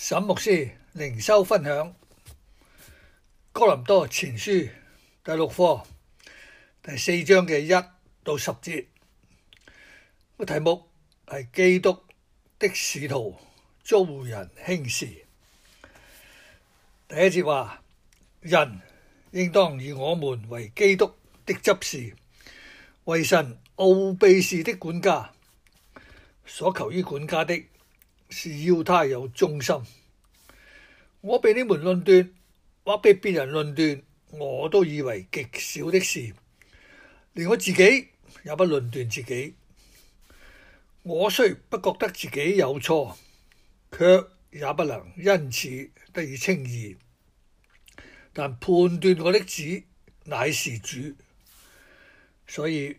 沈牧師靈修分享《哥林多前書》第六課第四章嘅一到十節，個題目係基督的使徒遭人輕視。第一節話：人應當以我們為基督的執事，為神奧秘事的管家，所求於管家的。是要他有忠心。我被你們論斷，或被別人論斷，我都以為極小的事。連我自己也不論斷自己。我雖不覺得自己有錯，却也不能因此得以稱義。但判斷我的主乃是主，所以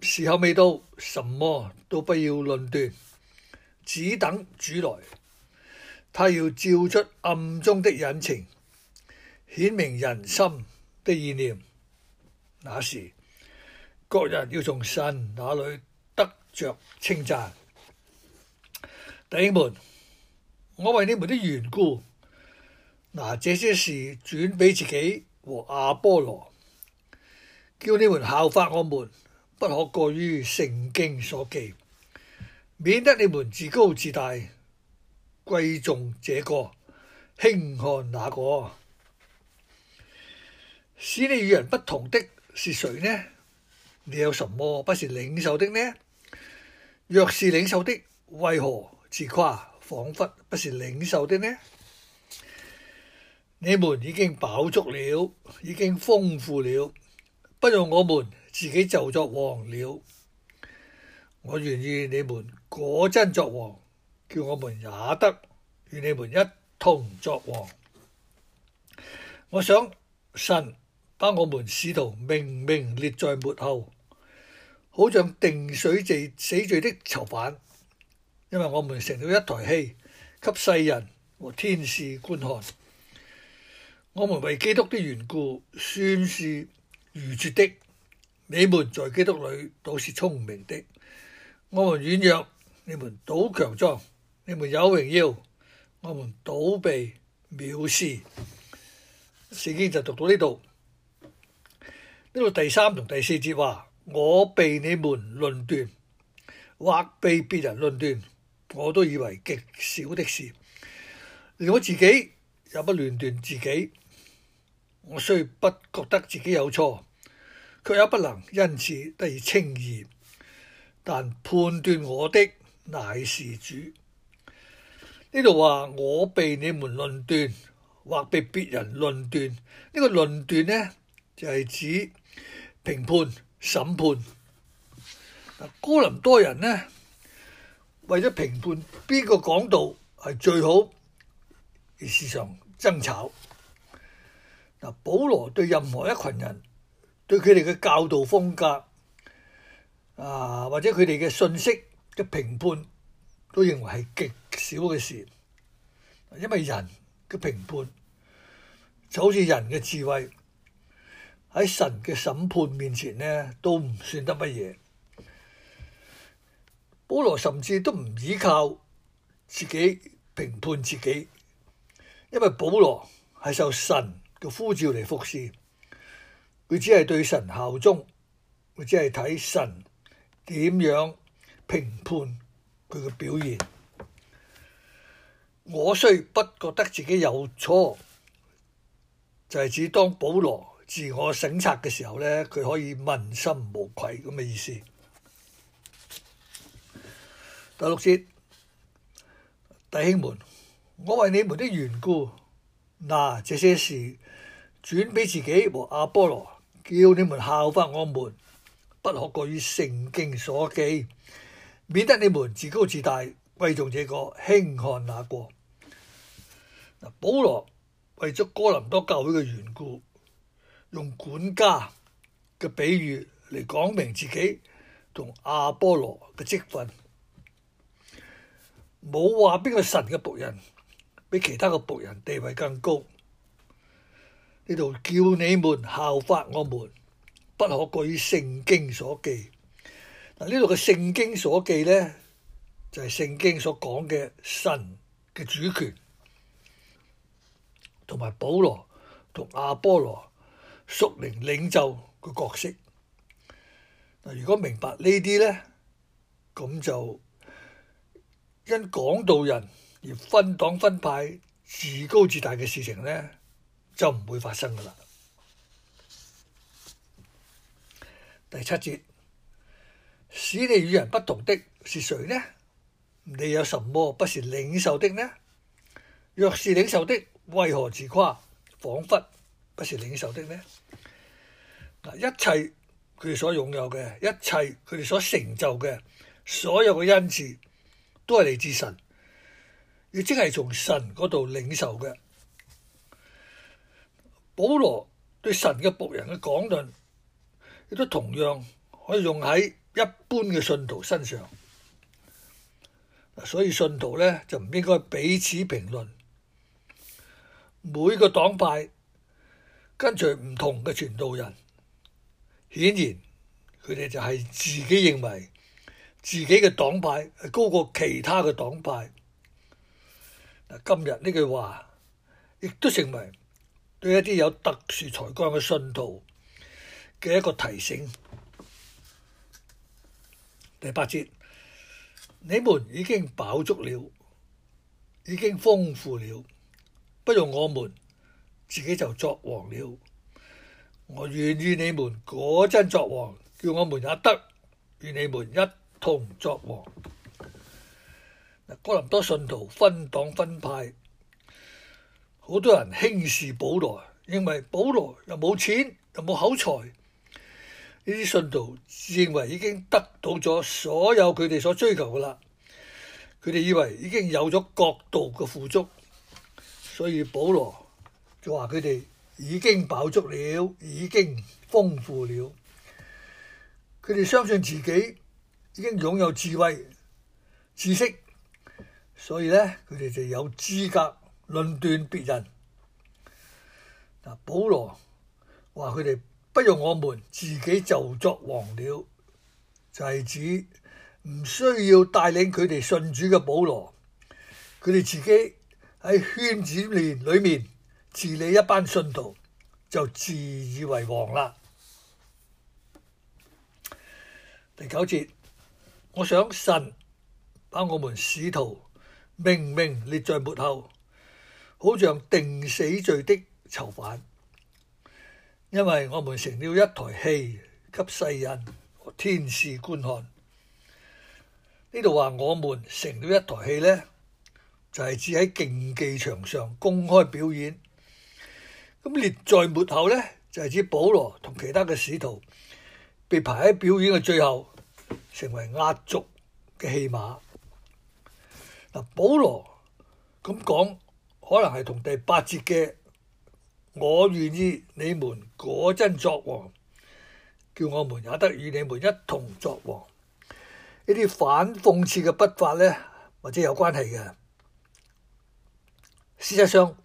時候未到，什麼都不要論斷。只等主來，他要照出暗中的隱情，顯明人心的意念。那時，各人要從神那裏得着稱讚。弟兄們，我為你們的緣故，拿這些事轉俾自己和亞波羅，叫你們效法我們，不可過於聖經所記。免得你們自高自大，貴重這個，輕看那個。使你與人不同的，是誰呢？你有什麼不是領受的呢？若是領受的，為何自誇？彷彿不是領受的呢？你們已經飽足了，已經豐富了，不用我們自己就作王了。我願意你們。果真作王，叫我們也得與你們一同作王。我想神把我們使徒明明列在末後，好像定水罪死罪的囚犯，因為我們成了一台戲，給世人和天使觀看。我們為基督的緣故算是愚拙的，你們在基督裏倒是聰明的。我們軟弱。你們倒強壯，你們有榮耀，我們倒被藐視。《詩經》就讀到呢度，呢度第三同第四節話：我被你們論斷，或被別人論斷，我都以為極小的事。連我自己也不論斷自己，我雖不覺得自己有錯，卻也不能因此得以稱義。但判斷我的，乃事主呢度話，我被你們論斷，或被別人論斷，這個、呢個論斷呢就係、是、指評判審判。嗱，哥林多人呢為咗評判邊個講道係最好而時常爭吵。嗱，保羅對任何一群人對佢哋嘅教導風格啊，或者佢哋嘅信息。嘅評判都認為係極少嘅事，因為人嘅評判就好似人嘅智慧喺神嘅審判面前呢，都唔算得乜嘢。保羅甚至都唔依靠自己評判自己，因為保羅係受神嘅呼召嚟服侍。佢只係對神效忠，佢只係睇神點樣。評判佢嘅表現，我雖不覺得自己有錯，就係、是、指當保羅自我省察嘅時候咧，佢可以問心無愧咁嘅意思。第六節，弟兄們，我為你們的緣故，嗱，這些事轉俾自己和阿波羅，叫你們效法我們，不可過於聖經所記。免得你們自高自大，貴重這個，輕看那個。嗱，保羅為咗哥林多教會嘅緣故，用管家嘅比喻嚟講明自己同阿波羅嘅職分，冇話邊個神嘅僕人比其他嘅僕人地位更高。呢度叫你們效法我們，不可過於聖經所記。嗱，呢度嘅聖經所記咧，就係、是、聖經所講嘅神嘅主權，同埋保羅同阿波羅、屬靈領袖嘅角色。嗱，如果明白呢啲咧，咁就因講道人而分黨分派、自高自大嘅事情咧，就唔會發生噶啦。第七節。使你與人不同的，是誰呢？你有什麼不是領受的呢？若是領受的，為何自誇？彷彿不是領受的呢？嗱，一切佢哋所擁有嘅，一切佢哋所成就嘅，所有嘅恩賜都係嚟自神，亦即係從神嗰度領受嘅。保羅對神嘅僕人嘅講論，亦都同樣可以用喺一般嘅信徒身上，所以信徒咧就唔應該彼此評論。每個黨派跟隨唔同嘅傳道人，顯然佢哋就係自己認為自己嘅黨派係高過其他嘅黨派。嗱，今日呢句話亦都成為對一啲有特殊才幹嘅信徒嘅一個提醒。第八節，你們已經飽足了，已經豐富了，不用我們自己就作王了。我願意你們果真作王，叫我們也得與你們一同作王。嗱，哥林多信徒分黨分派，好多人輕視保羅，認為保羅又冇錢又冇口才。呢啲信徒自認為已經得到咗所有佢哋所追求嘅啦，佢哋以為已經有咗國度嘅富足，所以保羅就話佢哋已經飽足了，已經豐富了。佢哋相信自己已經擁有智慧知識，所以咧，佢哋就有資格論斷別人。嗱，保羅話佢哋。不用我們自己就作王了，就係指唔需要帶領佢哋信主嘅保羅，佢哋自己喺圈子內裏面治理一班信徒，就自以為王啦。第九節，我想神把我們使徒明明列在末後，好像定死罪的囚犯。因為我們成了一台戲，給世人天使觀看。呢度話我們成了一台戲咧，就係指喺競技場上公開表演。咁列在末後咧，就係指保羅同其他嘅使徒被排喺表演嘅最後，成為壓軸嘅戲碼。嗱，保羅咁講，可能係同第八節嘅。我願意你們果真作王，叫我們也得與你們一同作王。呢啲反諷刺嘅筆法呢，或者有關係嘅。事實上，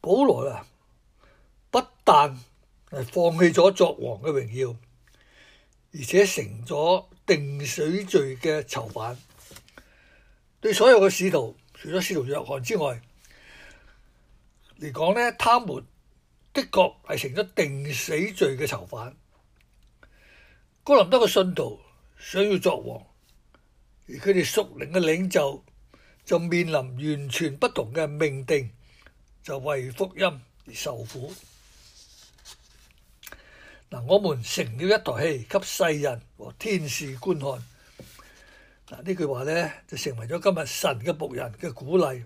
保羅啊，不但係放棄咗作王嘅榮耀，而且成咗定水罪嘅囚犯。對所有嘅使徒，除咗使徒約翰之外，嚟講呢，他們的確係成咗定死罪嘅囚犯。哥林多嘅信徒想要作王，而佢哋屬靈嘅領袖就面臨完全不同嘅命定，就為福音而受苦。嗱，我們成了一台戲，給世人和天使觀看。嗱，呢句話呢就成為咗今日神嘅僕人嘅鼓勵。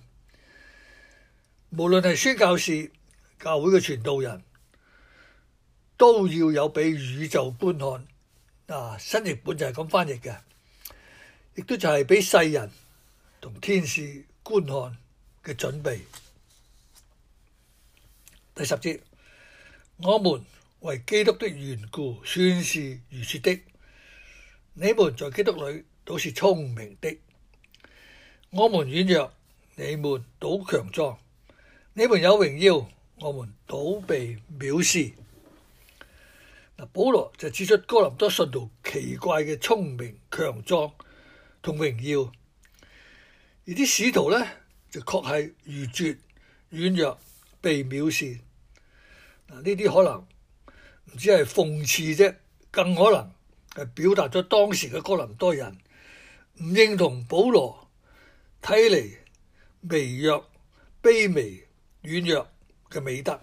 無論係宣教士、教會嘅傳道人，都要有俾宇宙觀看啊！新譯本就係咁翻譯嘅，亦都就係俾世人同天使觀看嘅準備。第十節，我們為基督的緣故算是愚拙的，你們在基督裏都是聰明的。我們軟弱，你們倒強壯。你們有榮耀，我們倒被藐視。嗱，保羅就指出哥林多信徒奇怪嘅聰明、強壯同榮耀，而啲使徒咧就確係愚拙、軟弱、被藐視。嗱，呢啲可能唔止係諷刺啫，更可能係表達咗當時嘅哥林多人唔認同保羅。睇嚟微弱、卑微、軟弱嘅美德。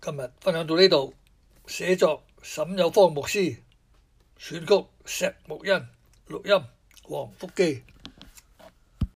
今日分享到呢度。寫作沈有方牧師，選曲石木欣，錄音黃福記。